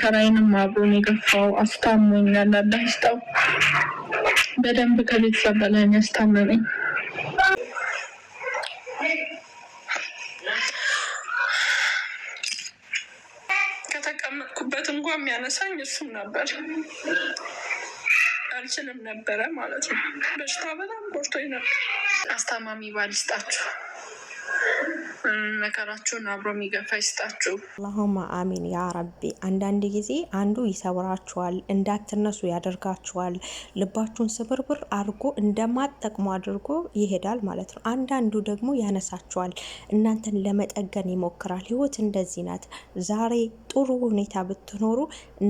ከራይንም አብሮን የገፋው አስታሞኛል። አላህ ይስጠው። በደንብ ከቤተሰብ በላይ ያስታመመኝ ከተቀመጥኩበት እንኳ የሚያነሳኝ እሱም ነበር። አልችልም ነበረ ማለት ነው። በሽታ በጣም ቆርቶኝ ነበር። አስታማሚ ባል ይስጣችሁ። መከራችሁን አብሮ የሚገፋ ይስጣችሁ። አላሁማ አሚን ያ ረቢ። አንዳንድ ጊዜ አንዱ ይሰብራችኋል፣ እንዳትነሱ ያደርጋችኋል። ልባችሁን ስብርብር አድርጎ እንደማጠቅሙ አድርጎ ይሄዳል ማለት ነው። አንዳንዱ ደግሞ ያነሳችኋል፣ እናንተን ለመጠገን ይሞክራል። ህይወት እንደዚህ ናት። ዛሬ ጥሩ ሁኔታ ብትኖሩ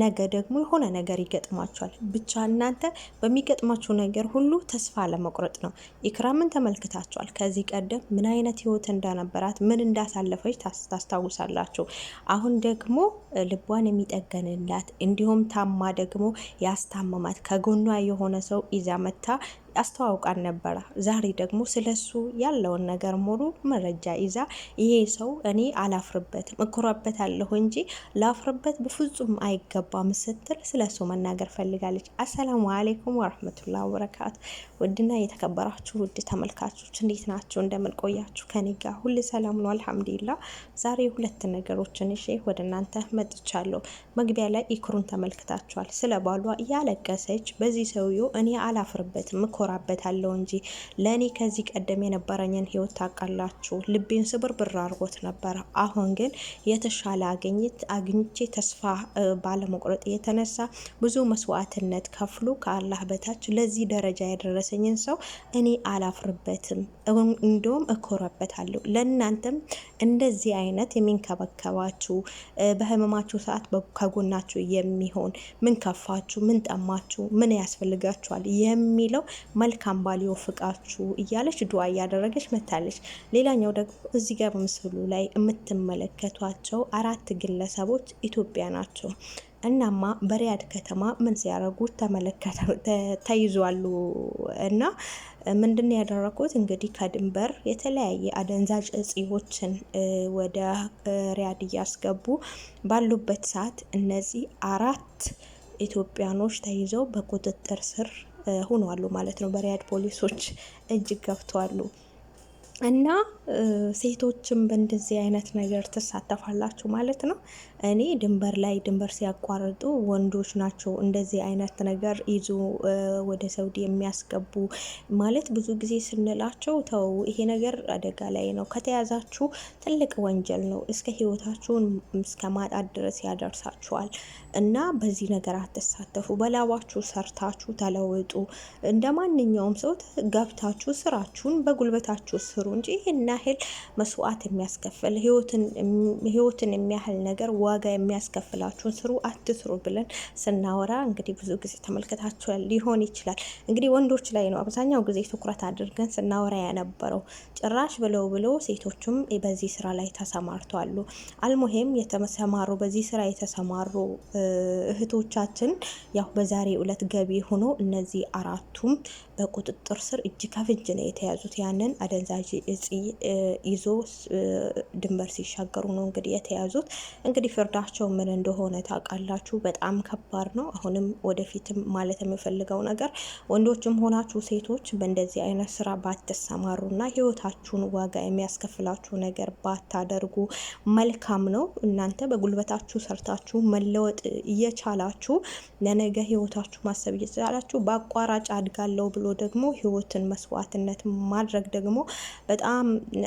ነገ ደግሞ የሆነ ነገር ይገጥሟቸዋል። ብቻ እናንተ በሚገጥማቸው ነገር ሁሉ ተስፋ ለመቁረጥ ነው። ኢክራምን ተመልክታቸዋል። ከዚህ ቀደም ምን አይነት ህይወት እንደነበራት ምን እንዳሳለፈች ታስታውሳላችሁ። አሁን ደግሞ ልቧን የሚጠገንላት እንዲሁም ታማ ደግሞ ያስታመማት ከጎኗ የሆነ ሰው ይዛ መታ አስተዋውቃን ነበረ። ዛሬ ደግሞ ስለሱ ያለውን ነገር ሙሉ መረጃ ይዛ ይሄ ሰው እኔ አላፍርበትም እኮራበታለሁ እንጂ ላፍርበት በፍጹም አይገባም ስትል ስለሱ መናገር ፈልጋለች። አሰላሙ አሌይኩም ወረህመቱላህ ወበረካቱ። ውድና የተከበራችሁ ውድ ተመልካቾች እንዴት ናቸው? እንደምንቆያችሁ ከኔ ጋር ሁል ሰላም ነው አልሐምዱሊላ። ዛሬ ሁለት ነገሮችን ይዤ ወደ እናንተ መጥቻለሁ። መግቢያ ላይ ኢክሩን ተመልክታችኋል። ስለ ባሏ እያለቀሰች በዚህ ሰውዬው እኔ አላፍርበትም እኮ እኮራበታለሁ እንጂ ለእኔ ከዚህ ቀደም የነበረኝን ህይወት ታውቃላችሁ፣ ልቤን ስብር ብር አድርጎት ነበረ። አሁን ግን የተሻለ አገኘት አግኝቼ ተስፋ ባለመቁረጥ የተነሳ ብዙ መስዋዕትነት ከፍሎ ከአላህ በታች ለዚህ ደረጃ ያደረሰኝን ሰው እኔ አላፍርበትም፣ እንዲሁም እኮራበታለሁ። ለእናንተም እንደዚህ አይነት የሚንከባከባችሁ በህመማችሁ ሰዓት ከጎናችሁ የሚሆን ምን ከፋችሁ፣ ምን ጠማችሁ፣ ምን ያስፈልጋችኋል የሚለው መልካም ባል ይወፍቃችሁ እያለች ዱዓ እያደረገች መታለች። ሌላኛው ደግሞ እዚህ ጋር ምስሉ ላይ የምትመለከቷቸው አራት ግለሰቦች ኢትዮጵያ ናቸው። እናማ በሪያድ ከተማ ምን ሲያደርጉት ተይዟሉ። እና ምንድን ያደረጉት እንግዲህ ከድንበር የተለያየ አደንዛዥ እጽዎችን ወደ ሪያድ እያስገቡ ባሉበት ሰዓት እነዚህ አራት ኢትዮጵያኖች ተይዘው በቁጥጥር ስር ሆነዋሉ ማለት ነው። በሪያድ ፖሊሶች እጅ ገብተዋሉ እና ሴቶችም በእንደዚህ አይነት ነገር ትሳተፋላችሁ ማለት ነው። እኔ ድንበር ላይ ድንበር ሲያቋርጡ ወንዶች ናቸው እንደዚህ አይነት ነገር ይዞ ወደ ሰውዲ የሚያስገቡ ማለት ብዙ ጊዜ ስንላቸው ተው፣ ይሄ ነገር አደጋ ላይ ነው፣ ከተያዛችሁ ትልቅ ወንጀል ነው፣ እስከ ህይወታችሁን እስከ ማጣት ድረስ ያደርሳችኋል እና በዚህ ነገር አትሳተፉ፣ በላባችሁ ሰርታችሁ ተለውጡ። እንደ ማንኛውም ሰው ገብታችሁ ስራችሁን በጉልበታችሁ ስሩ እንጂ ይሄና ያህል መስዋዕት የሚያስከፍል ህይወትን የሚያህል ነገር ዋጋ የሚያስከፍላችሁን ስሩ አትስሩ ብለን ስናወራ እንግዲህ ብዙ ጊዜ ተመልክታችኋል ሊሆን ይችላል። እንግዲህ ወንዶች ላይ ነው አብዛኛው ጊዜ ትኩረት አድርገን ስናወራ የነበረው። ጭራሽ ብለው ብሎ ሴቶችም በዚህ ስራ ላይ ተሰማርተዋሉ። አልሙሄም የተሰማሩ በዚህ ስራ የተሰማሩ እህቶቻችን ያው በዛሬ ዕለት ገቢ ሆኖ እነዚህ አራቱም በቁጥጥር ስር እጅ ከፍንጅ ነው የተያዙት። ያንን አደንዛዥ እጽ ይዞ ድንበር ሲሻገሩ ነው እንግዲህ የተያዙት። እንግዲህ ፍርዳቸው ምን እንደሆነ ታውቃላችሁ። በጣም ከባድ ነው። አሁንም ወደፊትም ማለት የምፈልገው ነገር ወንዶችም ሆናችሁ ሴቶች በእንደዚህ አይነት ስራ ባትሰማሩና ህይወታችሁን ዋጋ የሚያስከፍላችሁ ነገር ባታደርጉ መልካም ነው። እናንተ በጉልበታችሁ ሰርታችሁ መለወጥ እየቻላችሁ ለነገ ህይወታችሁ ማሰብ እየቻላችሁ በአቋራጭ አድጋለሁ ብሎ ብሎ ደግሞ ህይወትን መስዋዕትነት ማድረግ ደግሞ በጣም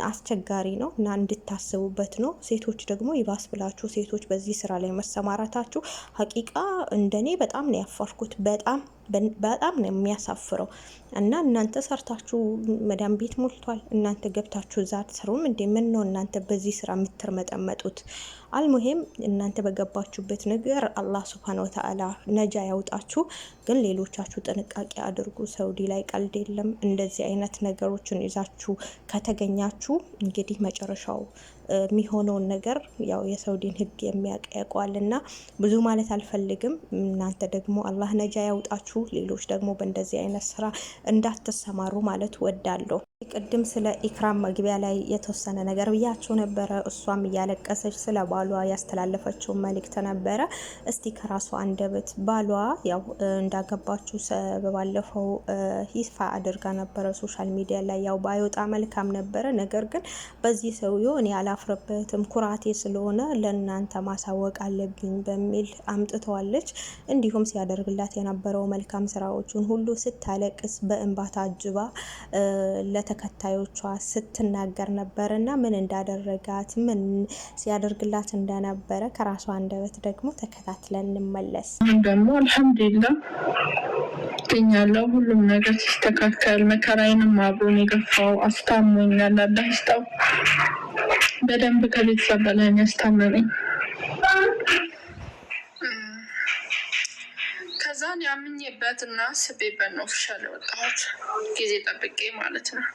አስቸጋሪ ነው እና እንድታስቡበት ነው። ሴቶች ደግሞ ይባስ ብላችሁ ሴቶች በዚህ ስራ ላይ መሰማራታችሁ ሀቂቃ እንደኔ በጣም ነው ያፈርኩት በጣም በጣም ነው የሚያሳፍረው። እና እናንተ ሰርታችሁ መዳም ቤት ሞልቷል። እናንተ ገብታችሁ እዛ አትሰሩም እንዴ? ምን ነው እናንተ በዚህ ስራ የምትርመጠመጡት? አልሙሄም እናንተ በገባችሁበት ነገር አላህ ስብሃነ ወተዓላ ነጃ ያውጣችሁ። ግን ሌሎቻችሁ ጥንቃቄ አድርጉ። ሰውዲ ላይ ቀልድ የለም። እንደዚህ አይነት ነገሮችን ይዛችሁ ከተገኛችሁ እንግዲህ መጨረሻው የሚሆነውን ነገር ያው የሰውዲን ህግ የሚያውቅ ያውቀዋል እና ብዙ ማለት አልፈልግም። እናንተ ደግሞ አላህ ነጃ ያውጣችሁ፣ ሌሎች ደግሞ በእንደዚህ አይነት ስራ እንዳትሰማሩ ማለት ወዳለሁ። ቅድም ስለ ኢክራም መግቢያ ላይ የተወሰነ ነገር ብያችሁ ነበረ። እሷም እያለቀሰች ስለ ባሏ ያስተላለፈችው መልእክት ነበረ። እስቲ ከራሷ አንደበት ባሏ ያው እንዳገባችሁ በባለፈው ይፋ አድርጋ ነበረ ሶሻል ሚዲያ ላይ ያው ባይወጣ መልካም ነበረ። ነገር ግን በዚህ ሰውዬው እኔ አላ አላፍርበትም፣ ኩራቴ ስለሆነ ለእናንተ ማሳወቅ አለብኝ በሚል አምጥተዋለች። እንዲሁም ሲያደርግላት የነበረው መልካም ስራዎቹን ሁሉ ስታለቅስ በእንባ ታጅባ ለተከታዮቿ ስትናገር ነበር እና ምን እንዳደረጋት ምን ሲያደርግላት እንደነበረ ከራሷ አንደበት ደግሞ ተከታትለን እንመለስ። አሁን ደግሞ አልሐምዱሊላ ገኛለው ሁሉም ነገር ሲስተካከል መከራዬንም አብሮን የገፋው አስታሞኛል አላህ ይስጣው። በደንብ ከቤተሰብ በላይ ያስታመመኝ። ከዛን ያምኝበት እና ስቤበት ነው ኦፊሻል የወጣሁት ጊዜ ጠብቄ ማለት ነው።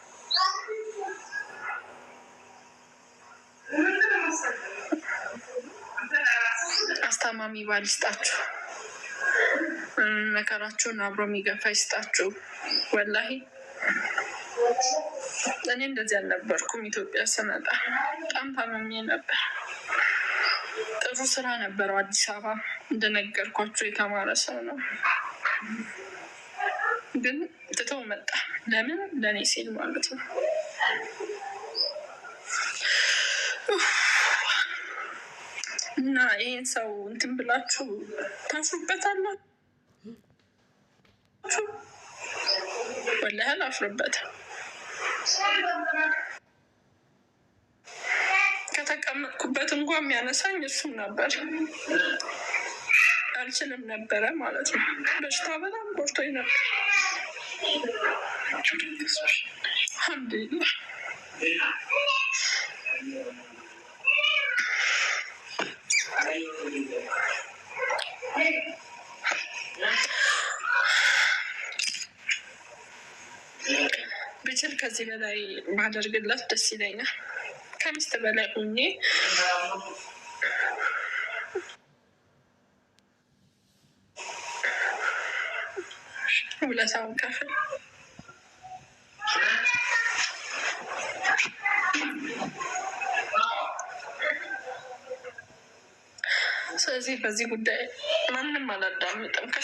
አስታማሚ ባል ይስጣችሁ፣ መከራችሁን አብሮ የሚገፋ ይስጣችሁ ወላሂ እኔ እንደዚህ አልነበርኩም። ኢትዮጵያ ስመጣ በጣም ታመሜ ነበር። ጥሩ ስራ ነበረው አዲስ አበባ እንደነገርኳቸው የተማረ ሰው ነው። ግን ትተው መጣ። ለምን ለእኔ ሲል ማለት ነው። እና ይህን ሰው እንትን ብላችሁ ታፍሩበታላችሁ። ወላሂ አፍርበታል። ከተቀመጥኩበት እንኳ የሚያነሳኝ እሱም ነበር። አልችልም ነበረ ማለት ነው። በሽታ በጣም ቆርቶኝ ነበር። ከዚህ በላይ ባደርግለት ደስ ይለኛል። ከሚስት በላይ ሆኜ ውለታውን ከፍል ስለዚህ በዚህ ጉዳይ ማንም አላዳምጥም ከ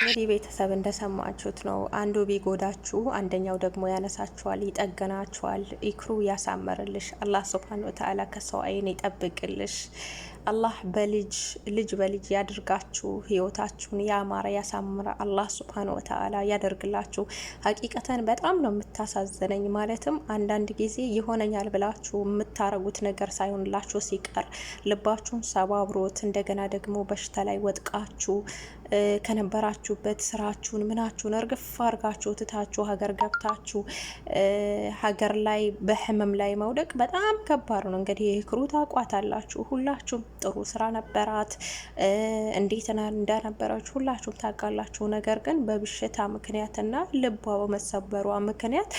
እንግዲህ ቤተሰብ እንደሰማችሁት ነው። አንዱ ቢጎዳችሁ አንደኛው ደግሞ ያነሳችኋል፣ ይጠገናችኋል፣ ይክሩ ያሳመርልሽ። አላህ ሱብሃነ ወተዓላ ከሰው አይን ይጠብቅልሽ። አላህ በልጅ ልጅ በልጅ ያድርጋችሁ። ህይወታችሁን ያማረ ያሳምረ አላህ ስብሓን ወተዓላ ያደርግላችሁ። ሀቂቀተን በጣም ነው የምታሳዝነኝ። ማለትም አንዳንድ ጊዜ ይሆነኛል ብላችሁ የምታረጉት ነገር ሳይሆንላችሁ ሲቀር ልባችሁን ሰባብሮት እንደገና ደግሞ በሽታ ላይ ወጥቃችሁ ከነበራችሁበት ስራችሁን ምናችሁን እርግፍ አርጋችሁ ትታችሁ ሀገር ገብታችሁ ሀገር ላይ በህመም ላይ መውደቅ በጣም ከባድ ነው። እንግዲህ ይህ ክሩ ታቋት አላችሁ ሁላችሁም። ጥሩ ስራ ነበራት። እንዴት እንደነበረች ሁላችሁም ታውቃላችሁ። ነገር ግን በብሽታ ምክንያትና ልቧ በመሰበሯ ምክንያት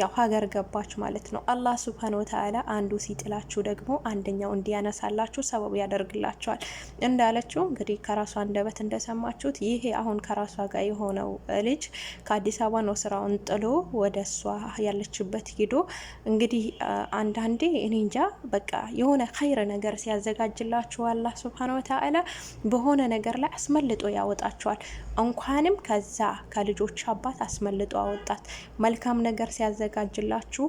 ያው ሀገር ገባች ማለት ነው። አላህ ሱብሃነ ወተዓላ አንዱ ሲጥላችሁ ደግሞ አንደኛው እንዲያነሳላችሁ ሰበብ ያደርግላቸዋል። እንዳለችው እንግዲህ ከራሷ አንደበት እንደሰማችሁት ይሄ አሁን ከራሷ ጋር የሆነው ልጅ ከአዲስ አበባ ነው ስራውን ጥሎ ወደ እሷ ያለችበት ሂዶ እንግዲህ አንዳንዴ እኔ እንጃ በቃ የሆነ ኸይር ነገር ሲያዘጋጅ ያዘጋጅላችኋል። አላህ ሱብሃነ ወተዓላ በሆነ ነገር ላይ አስመልጦ ያወጣችኋል። እንኳንም ከዛ ከልጆች አባት አስመልጦ አወጣት። መልካም ነገር ሲያዘጋጅላችሁ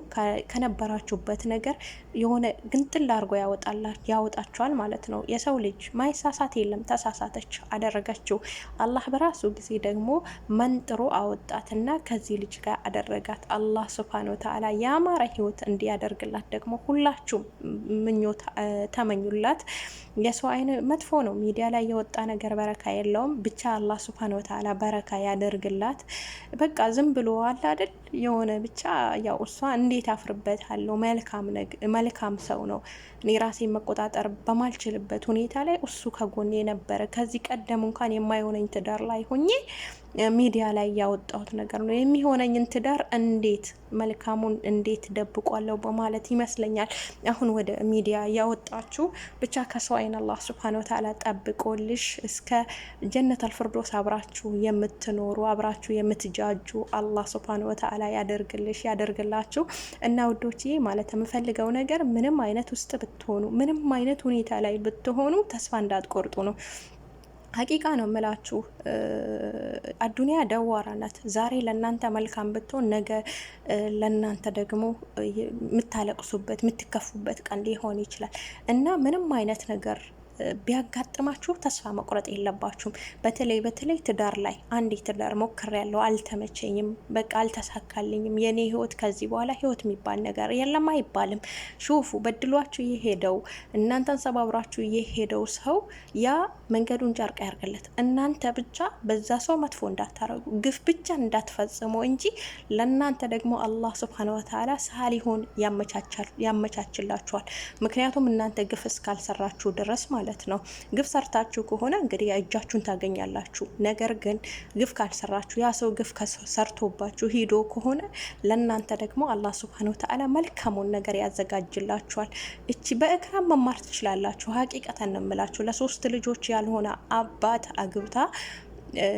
ከነበራችሁበት ነገር የሆነ ግንጥል አድርጎ ያወጣችኋል ማለት ነው። የሰው ልጅ ማይሳሳት የለም። ተሳሳተች፣ አደረገችው። አላህ በራሱ ጊዜ ደግሞ መንጥሮ አወጣት እና ከዚህ ልጅ ጋር አደረጋት። አላህ ስብሃነ ወተዓላ የአማራ ህይወት እንዲያደርግላት ደግሞ ሁላችሁም ምኞት ተመኙላት። የሰው አይን መጥፎ ነው። ሚዲያ ላይ የወጣ ነገር በረካ የለውም። ብቻ አላህ ሱብሃነ ወተዓላ በረካ ያደርግላት። በቃ ዝም ብሎ አለ አይደል የሆነ ብቻ ያው እሷ እንዴት አፍርበታለሁ። መልካም ሰው ነው። እኔ ራሴን መቆጣጠር በማልችልበት ሁኔታ ላይ እሱ ከጎኔ ነበረ። ከዚህ ቀደም እንኳን የማይሆነኝ ትዳር ላይ ሆኜ ሚዲያ ላይ ያወጣሁት ነገር ነው። የሚሆነኝን ትዳር እንዴት መልካሙን እንዴት ደብቋለሁ በማለት ይመስለኛል አሁን ወደ ሚዲያ ያወጣችሁ። ብቻ ከሰው አይን አላህ ስብሃነ ወተዓላ ጠብቆልሽ እስከ ጀነት አልፍርዶስ አብራችሁ የምትኖሩ አብራችሁ የምትጃጁ አላህ ስብሃነ ወተዓላ ያደርግልሽ ያደርግላችሁ። እና ውዶችዬ ማለት የምፈልገው ነገር ምንም አይነት ውስጥ ብትሆኑ ምንም አይነት ሁኔታ ላይ ብትሆኑ ተስፋ እንዳትቆርጡ ነው። ሀቂቃ ነው ምላችሁ፣ አዱኒያ ደዋራ ናት። ዛሬ ለእናንተ መልካም ብትሆን ነገ ለእናንተ ደግሞ የምታለቅሱበት የምትከፉበት ቀን ሊሆን ይችላል እና ምንም አይነት ነገር ቢያጋጥማችሁ ተስፋ መቁረጥ የለባችሁም። በተለይ በተለይ ትዳር ላይ አንዴ ትዳር ያለው አልተመቸኝም፣ በቃ አልተሳካልኝም፣ የኔ ህይወት ከዚህ በኋላ ህይወት የሚባል ነገር የለም አይባልም። ሹፉ በድሏችሁ የሄደው እናንተን ሰባብራችሁ የሄደው ሰው ያ መንገዱን ጨርቅ ያርግለት። እናንተ ብቻ በዛ ሰው መጥፎ እንዳታረጉ፣ ግፍ ብቻ እንዳትፈጽሙ እንጂ ለእናንተ ደግሞ አላህ ስብሓነ ወተዓላ ሳሊሆን ያመቻችላችኋል። ምክንያቱም እናንተ ግፍ እስካልሰራችሁ ድረስ ማለት ማለት ነው። ግፍ ሰርታችሁ ከሆነ እንግዲህ እጃችሁን ታገኛላችሁ። ነገር ግን ግፍ ካልሰራችሁ ያ ሰው ግፍ ሰርቶባችሁ ሂዶ ከሆነ ለእናንተ ደግሞ አላህ ስብሃነ ወተዓላ መልካሙን ነገር ያዘጋጅላችኋል። እቺ በእክራም መማር ትችላላችሁ። ሀቂቀት እንምላችሁ ለሶስት ልጆች ያልሆነ አባት አግብታ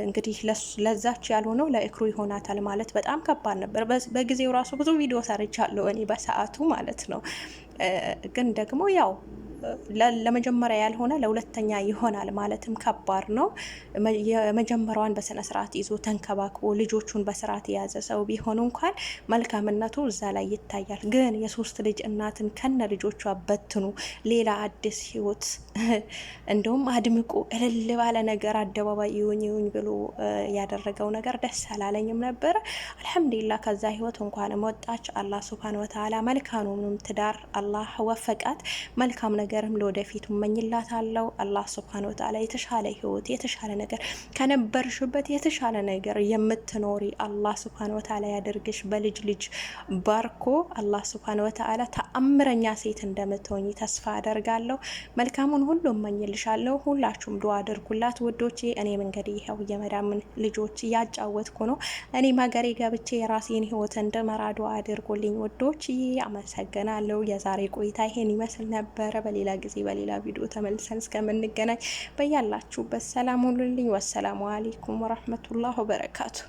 እንግዲህ ለዛች ያልሆነው ለእክሩ ይሆናታል ማለት በጣም ከባድ ነበር። በጊዜው ራሱ ብዙ ቪዲዮ ሰርቻለሁ እኔ በሰዓቱ ማለት ነው። ግን ደግሞ ያው ለመጀመሪያ ያልሆነ ለሁለተኛ ይሆናል ማለትም ከባድ ነው። የመጀመሪያዋን በስነ ስርዓት ይዞ ተንከባክቦ ልጆቹን በስርዓት የያዘ ሰው ቢሆኑ እንኳን መልካምነቱ እዛ ላይ ይታያል። ግን የሶስት ልጅ እናትን ከነ ልጆቿ በትኑ ሌላ አዲስ ህይወት እንደውም አድምቁ፣ እልል ባለ ነገር አደባባይ ይሁኝ ይሁኝ ብሎ ያደረገው ነገር ደስ አላለኝም ነበር። አልሐምዱሊላ ከዛ ህይወት እንኳን ወጣች። አላህ ሱብሃነ ወተዓላ መልካኑንም ትዳር አላህ ወፈቃት መልካም ነገር ነገርም ለወደፊት እመኝላታለሁ። አላህ ሱብሃነ ወተዓላ የተሻለ ህይወት፣ የተሻለ ነገር ከነበርሽበት የተሻለ ነገር የምትኖሪ አላህ ሱብሃነ ወተዓላ ያደርግሽ። በልጅ ልጅ ባርኮ አላህ ሱብሃነ ወተዓላ ተአምረኛ ሴት እንደምትሆኝ ተስፋ አደርጋለሁ። መልካሙን ሁሉ እመኝልሻለሁ። ሁላችሁም ዱዓ አድርጉላት ውዶቼ። እኔም እንግዲህ ይኸው የመዳምን ልጆች እያጫወትኩ ነው። እኔም ሀገሬ ገብቼ የራሴን ህይወት እንድመራ ዱዓ አድርጉልኝ ውዶች። አመሰግናለሁ። የዛሬ ቆይታ ይሄን ይመስል ነበረ። በሌላ ጊዜ በሌላ ቪዲዮ ተመልሰን እስከምንገናኝ በያላችሁበት ሰላም ሁሉልኝ ወሰላሙ አሌይኩም ወረህመቱላህ ወበረካቱ